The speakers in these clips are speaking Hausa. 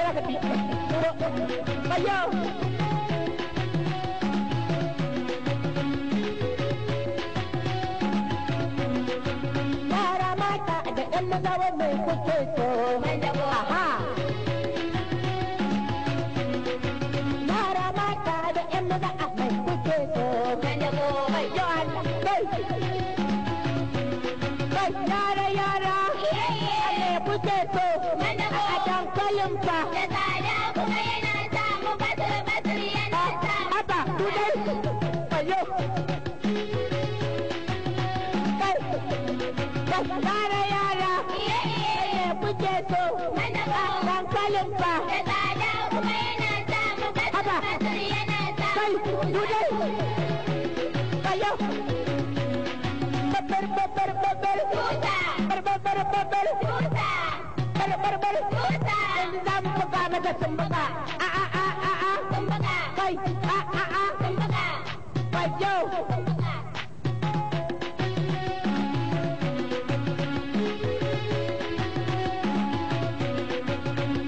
Espera que pico. Vaya. Para mata da Aha. mata da ɗan maza a limfa-limfa. Da tsada kuma samu ah, yara. Iye, iye. kuke so? Madaba. Limfa-limfa. Da tsada kuma samu samu. ba mata tumbuka a a a a a tumbuka kai a a a tumbuka wayo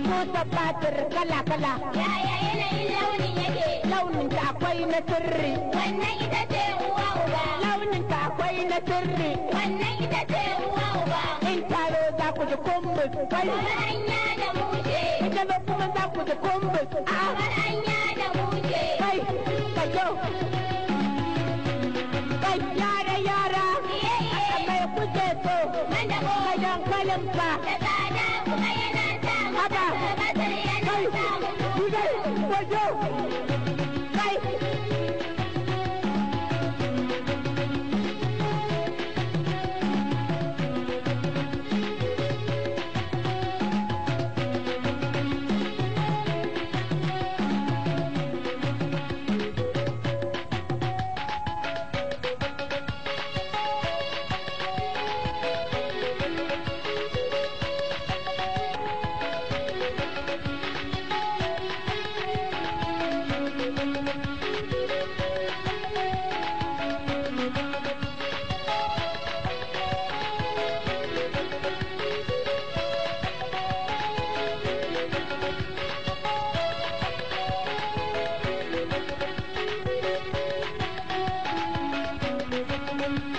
Mota batir kala-kala. Yaya yanayin launin yake? launin ta akwai na sirri. Wannan ita ce uwa uba. launin ta akwai na sirri. Wannan ita ce uwa uba. In taro za ku ji kumbus. Wani gano kuma za ku da kumbus. Baranya da muke. Kai, ka Kai, yara yara. Mai kuke so. Wanda ko. dankalin fa. Da tsada kuma yana Haba. Kai,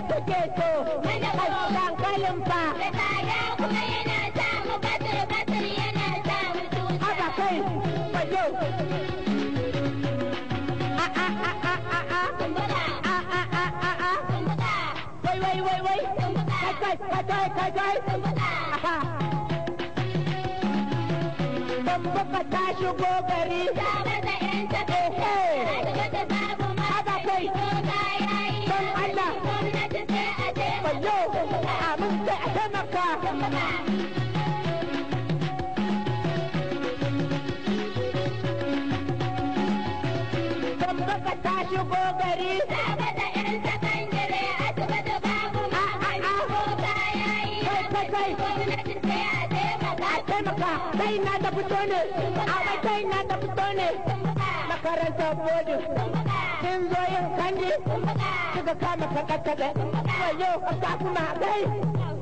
kuke to kaskan kalimfa kuma yana samu batir batir yana samu tuta kai ta shigo gari. Ta 'yan Ta shigo shigo gari. Saba da ƴan sakandare asibiti babu magani ko kaya yi kai gwamnati sai a taimaka. A taimaka kai na ta fito ne, a kai kai ne. Makaranta bodi. Kin zo kandi. Kika kama kaɗe-kaɗe. Wayo ka kuma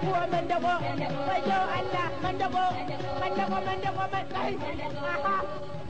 dago man dago wayo Allah man dago man dago man dago man dago